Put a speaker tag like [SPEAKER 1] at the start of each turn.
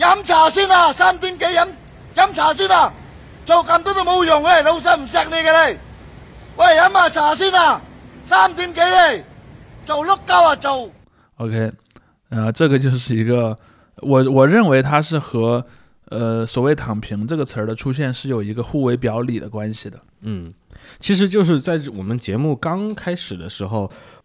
[SPEAKER 1] 飲茶先啊，三點幾飲飲茶先啊，做咁多都冇用嘅、啊，老細唔錫你嘅你。喂，飲下、啊、茶先啊。三點幾嚟、啊？做碌鳩啊做。
[SPEAKER 2] OK，啊、呃，這個就是一個我我認為它是和，呃，
[SPEAKER 1] 所謂躺平這個詞兒的出現是有一個互為表裏的關係的。嗯，其實就是在我們節目剛開始的時候。